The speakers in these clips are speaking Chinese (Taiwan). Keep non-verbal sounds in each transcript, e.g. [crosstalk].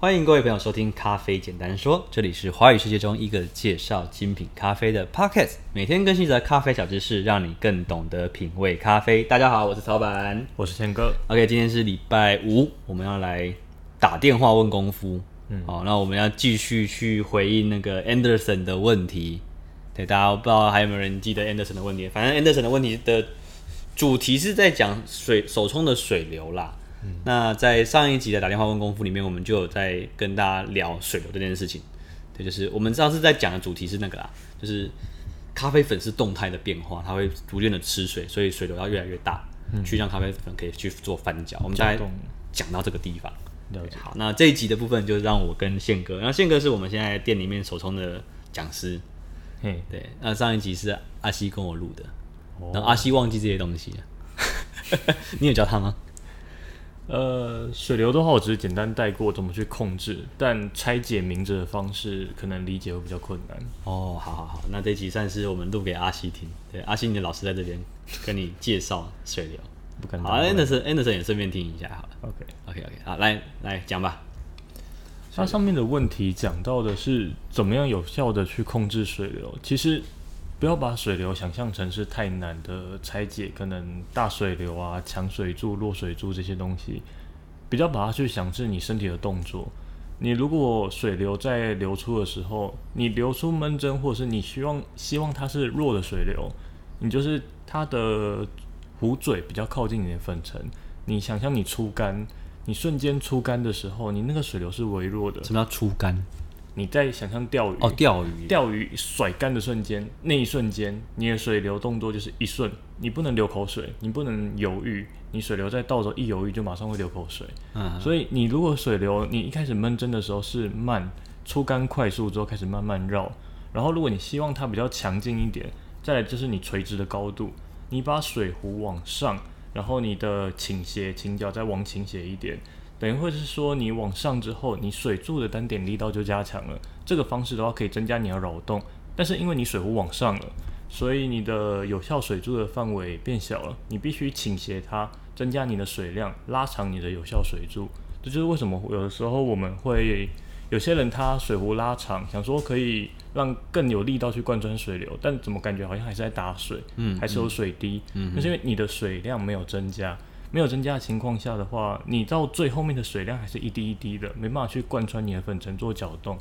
歡迎各位朋友收聽《咖啡簡單說》，這裡是華語世界中一個介紹精品咖啡的 podcast，每天更新的咖啡小知識，讓你更懂得品味咖啡。大家好，我是曹板，我是錢哥。OK，今天是禮拜五，我們要來打電話問功夫。嗯，好、哦，那我們要繼續去回應那個 Anderson 的問題。對，大家我不知道還有沒有人記得 Anderson 的問題，反正 Anderson 的問題的主題是在講水，手沖的水流啦。嗯、那在上一集的打電話問功夫裡面，我們就有在跟大家聊水流這件事情。對，就是我們上次在講的主題是那個啊，就是咖啡粉是動態的變化，它會逐漸的吃水，所以水流要越來越大，嗯、去讓咖啡粉可以去做翻攪、嗯。我們再講到這個地方。對，好。對，好，那這一集的部分就是讓我跟憲哥，然後憲哥是我們現在店裡面手沖的講師。嘿，對，那上一集是阿西跟我錄的，然後阿西忘記這些東西了，哦、 [laughs] 你有教他嗎？呃，水流的話，我只是簡單帶過怎麼去控制，但拆解名字的方式可能理解會比較困難。哦，好好好，那這集算是我們錄給阿西聽。對，阿西你的老師在這邊跟你介紹水流，不可能。好 [laughs] ，Anderson Anderson 也順便聽一下好了。好，OK OK OK，好，來來講吧。它上面的問題講到的是怎麼樣有效的去控制水流，其實。不要把水流想象成是太難的拆解，可能大水流啊，強水柱、弱水柱這些東西，比較把它去想是你身體的動作。你如果水流在流出的時候，你流出悶蒸，或者是你希望希望它是弱的水流，你就是它的壺嘴比較靠近你的粉層，你想象你出干，你瞬間出干的時候，你那個水流是微弱的。什麼叫出干你在想象釣魚哦，釣魚釣魚甩竿的瞬間，那一瞬間你的水流動作就是一瞬，你不能流口水，你不能猶豫，你水流在倒着一猶豫就馬上會流口水。嗯，所以你如果水流你一開始悶蒸的時候是慢出竿，快速之後開始慢慢繞，然後如果你希望它比較強勁一點，再來就是你垂直的高度，你把水壺往上，然後你的傾斜傾角再往傾斜一點。等於會是說，你往上之後，你水柱的單點力道就加強了。這個方式的話，可以增加你的擾動，但是因為你水壺往上了，所以你的有效水柱的範圍變小了。你必須傾斜它，增加你的水量，拉長你的有效水柱。這就，就是為什麼有的時候我們會，有些人他水壺拉長，想說可以讓更有力道去貫穿水流，但怎麼感覺好像還是在打水，嗯，還是有水滴，嗯，就是因為你的水量沒有增加。沒有增加的情況下的話，你到最後面的水量還是一滴一滴的，沒辦法去貫穿你的粉塵做攪動。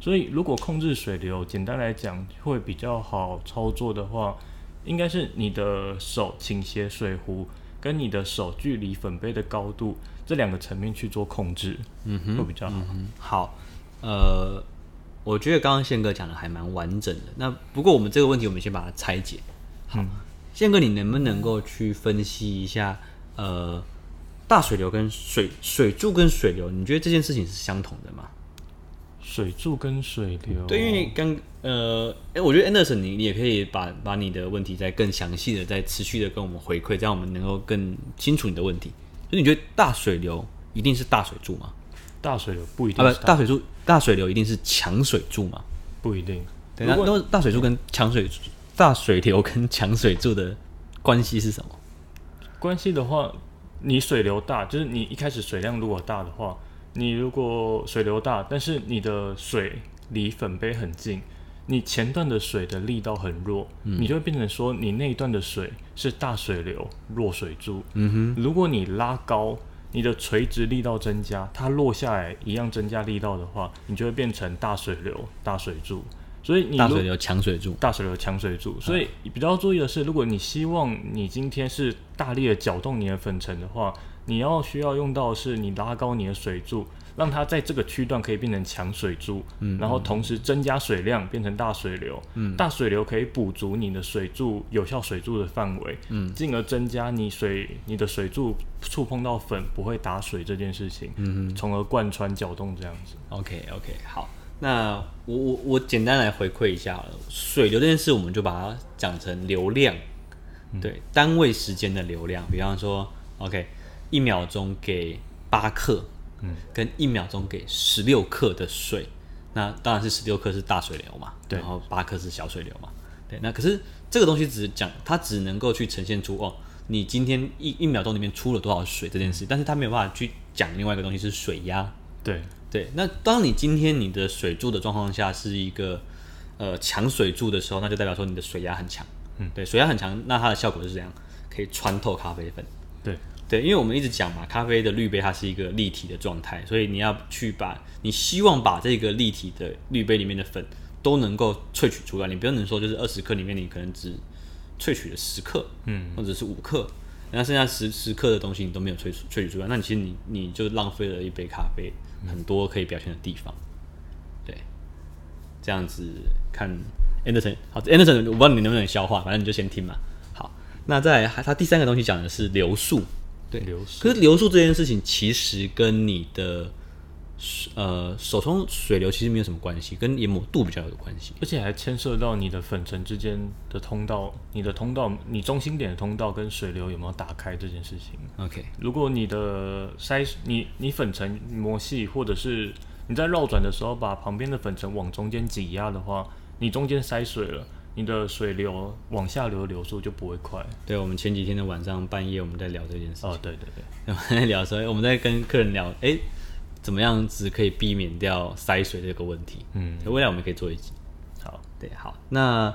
所以，如果控制水流，簡單來講會比較好操作的話，應該是你的手傾斜水壺跟你的手距離粉杯的高度這兩個層面去做控制，嗯哼，會比較好。嗯、好，呃，我覺得剛剛憲哥講的還蠻完整的。那不過我們這個問題，我們先把它拆解。好，嗯、憲哥，你能不能夠去分析一下？呃，大水流跟水水柱跟水流，你覺得這件事情是相同的嗎？水柱跟水流，嗯、對，於你剛呃，哎，我覺得 Anderson，你你也可以把把你的問題再更詳細的、再持續的跟我們回饋，這樣我們能夠更清楚你的問題。所以你覺得大水流一定是大水柱嗎？大水流不一定是、啊，不，大水柱大水流一定是強水柱嗎？不一定。等那大水柱跟強水柱、嗯、大水流跟強水，水，水柱的關係是什麼？關係的話，你水流大，就是你一開始水量如果大的話，你如果水流大，但是你的水離粉杯很近，你前段的水的力道很弱，你就會變成說你那一段的水是大水流，弱水柱。嗯哼，如果你拉高，你的垂直力道增加，它落下來一樣增加力道的話，你就會變成大水流，大水柱。所以你大水流強水柱，大水流強水柱，所以比較注意的是，如果你希望你今天是大力的攪動你的粉塵的話，你要需要用到的是你拉高你的水柱，讓它在這個區段可以變成強水柱，嗯，然後同時增加水量變成大水流，嗯，大水流可以補足你的水柱有效水柱的範圍，嗯，進而增加你水你的水柱觸碰到粉不會打水這件事情，嗯，從而貫穿攪動這樣子，OK OK 好。那我我我簡單來回饋一下好了，水流這件事，我們就把它講成流量，嗯，對，單位時間的流量。比方說，OK，一秒鐘給八克，嗯，跟一秒鐘給十六克的水，那當然是十六克是大水流嘛，對，然後八克是小水流嘛，對。那可是這個東西只是講，它只能夠去呈現出哦，你今天一一秒鐘裡面出了多少水這件事，但是它沒有辦法去講另外一個東西是水壓，對。對，那當你今天你的水柱的狀況下是一個，呃，強水柱的時候，那就代表說你的水壓很強。嗯，對，水壓很強，那它的效果是怎樣？可以穿透咖啡粉。對，對，因為我們一直講嘛，咖啡的濾杯它是一個立體的狀態，所以你要去把，你希望把這個立體的濾杯裡面的粉都能夠萃取出來，你不能說就是二十克裡面你可能只萃取了十克，嗯，或者是五克。那剩下十十克的東西你都沒有萃萃取出來，那你其實你你就浪費了一杯咖啡很多可以表現的地方，嗯、對，這樣子看 Anderson，好，Anderson，我不知道你能不能消化，反正你就先聽嘛。好，那再來他第三個東西講的是流速，對，流速，可是流速這件事情其實跟你的。呃，手沖水流其實沒有什麼關係，跟研磨度比較有關係，而且還牽涉到你的粉塵之間的通道，你的通道，你中心點的通道跟水流有沒有打開這件事情。OK，如果你的塞，你你粉塵磨細，或者是你在繞轉的時候把旁邊的粉塵往中間擠壓的話，你中間塞水了，你的水流往下流的流速就不會快。對，我們前幾天的晚上半夜我們在聊這件事情。哦，對對對，對，我們在聊所以我們在跟客人聊，誒、欸。怎麼樣子可以避免掉塞水這個問題？嗯，未來我們可以做一集。好，對，好。那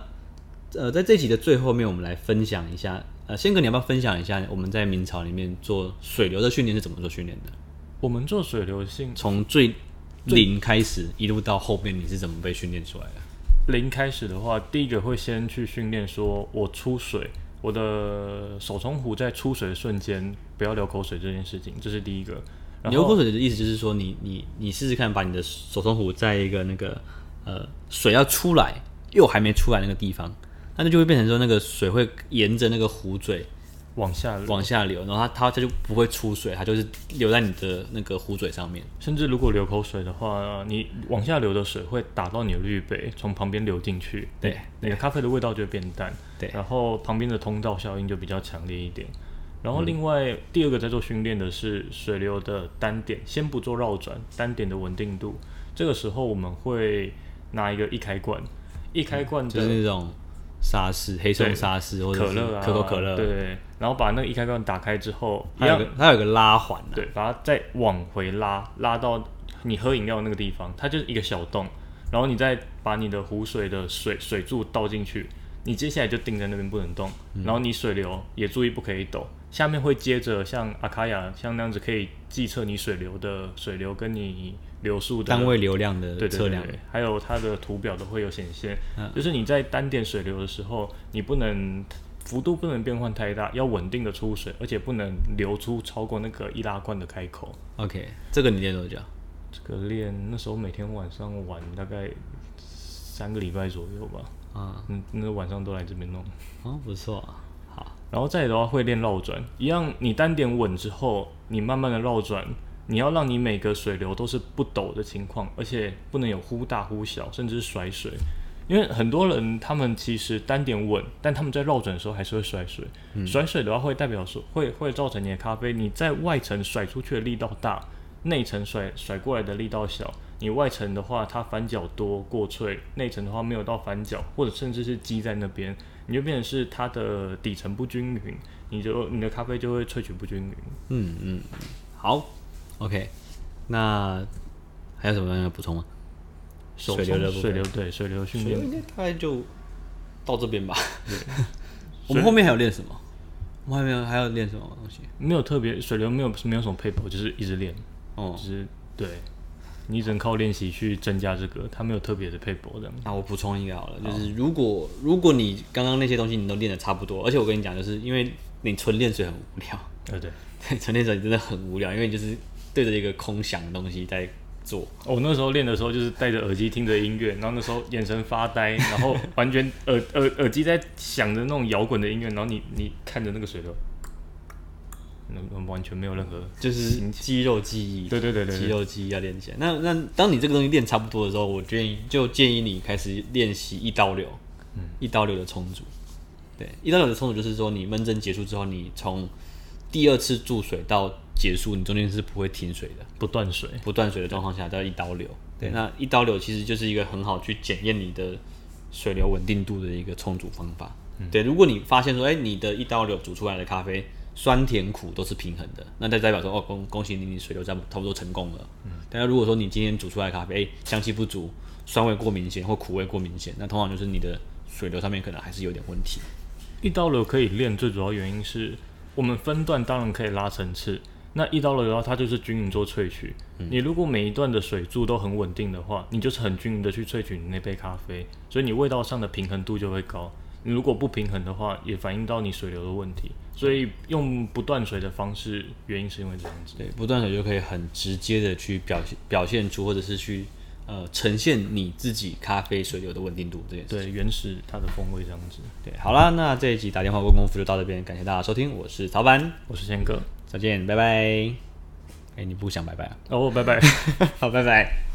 呃，在這集的最後面，我們來分享一下。呃，憲哥，你要不要分享一下我們在明朝裡面做水流的訓練是怎麼做訓練的？我們做水流性，從最零開始，一路到後面，你是怎麼被訓練出來的？零開始的話，第一個會先去訓練，說我出水，我的手沖壺在出水的瞬間不要流口水這件事情，這是第一個。流口水的意思就是說你，你你你試試看，把你的手沖壺在一個那個呃水要出來又還沒出來那個地方，那就，就會變成說，那個水會沿着那個壺嘴往下流往下流，然後它它它就不會出水，它就是留在你的那個壺嘴上面。甚至如果流口水的話，你往下流的水會打到你的濾杯，從旁邊流進去，對，那個咖啡的味道就會變淡。對，然後旁邊的通道效應就比較強烈一點。然後另外、嗯、第二個在做訓練的是水流的單點，先不做繞轉，單點的穩定度。這個時候我們會拿一個易開罐，易開罐就是那種沙士、黑松沙士或者可樂啊、可口可樂、啊。對，然後把那個易開罐打開之後，它有個要有個拉環的、啊，對，把它再往回拉，拉到你喝飲料那個地方，它就是一個小洞，然後你再把你的壺水的水水柱倒進去，你接下來就定在那邊不能動，嗯、然後你水流也注意不可以抖。下面會接着像 Acaia 像那樣子可以計測你水流的水流跟你流速的單位流量的測量。對對對，還有它的圖表都會有顯現、嗯。就是你在單點水流的時候，你不能幅度不能變換太大，要穩定的出水，而且不能流出超過那個易拉罐的開口。OK，這個你練多久？這個練那時候每天晚上玩大概三個禮拜左右吧。啊、嗯嗯，那個晚上都來這邊弄。啊、哦，不錯。然後再來的話，會練繞轉。一樣，你單點穩之後，你慢慢的繞轉，你要讓你每個水流都是不抖的情況，而且不能有忽大忽小，甚至是甩水。因為很多人他們其實單點穩，但他們在繞轉的時候還是會甩水。嗯、甩水的話，會代表說，會會造成你的咖啡，你在外層甩出去的力道大，內層甩甩過來的力道小。你外層的話，它反角多過萃，內層的話，沒有到反角，或者甚至是積在那邊，你就變成是它的底層不均勻，你就你的咖啡就會萃取不均勻。嗯嗯，好，OK，那還有什麼東西要補充嗎？水流，水流，對，水流訓練，水流應該大概就到這邊吧，對。。 [laughs] 我們後面還有練什麼？我們後面還有練什麼東西？沒有特別水流，沒有沒有什麼 paper，就是一直練，就是。哦，就是對。你只能靠練習去增加這個，它沒有特別的配搏的。那我補充一個好了，好，就是如果如果你剛剛那些東西你都練得差不多，而且我跟你講，就是因為你純練水很無聊。對、嗯、對，純練水真的很無聊，因為你就是對着一個空想的東西在做。我、哦、那時候練的時候就是戴着耳機聽着音樂， [laughs] 然後那時候眼神發呆，然後完全耳耳耳機在響着那種搖滾的音樂，然後你你看着那個水流。完全沒有任何，就是肌肉記憶。對對對，對，對，對肌肉記憶要練起來。那那當你這個東西練差不多的時候，我建議就建議你開始練習一刀流。嗯，一刀流的沖煮。對，一刀流的沖煮就是說，你悶蒸結束之後，你從第二次注水到結束，你中間是不會停水的，不斷水，不斷水的狀況下，叫一刀流。對，那一刀流其實就是一個很好去檢驗你的水流穩定度的一個沖煮方法。嗯、對，如果你發現說，哎、欸，你的一刀流煮出來的咖啡。酸甜苦都是平衡的，那代表說哦，恭恭喜你，你水流差不多成功了。嗯，大家如果說你今天煮出來咖啡，誒，香氣不足，酸味過明顯或苦味過明顯，那通常就是你的水流上面可能還是有點問題。一刀流可以練，最主要原因是我們分段當然可以拉層次，那一刀流的話，它就是均勻做萃取。嗯。你如果每一段的水柱都很穩定的話，你就是很均勻的去萃取你那杯咖啡，所以你味道上的平衡度就會高。你如果不平衡的話，也反映到你水流的問題。所以用不斷水的方式，原因是因為這樣子。對，不斷水就可以很直接的去表現表現出，或者是去呃呈現你自己咖啡水流的穩定度、嗯、這件事。對，原始它的風味這樣子。對，好啦，那這一集打電話問功夫就到這邊，感謝大家收聽，我是曹凡，我是憲哥，再見，拜拜。哎、欸，你不想拜拜啊？哦，拜拜，好，拜拜。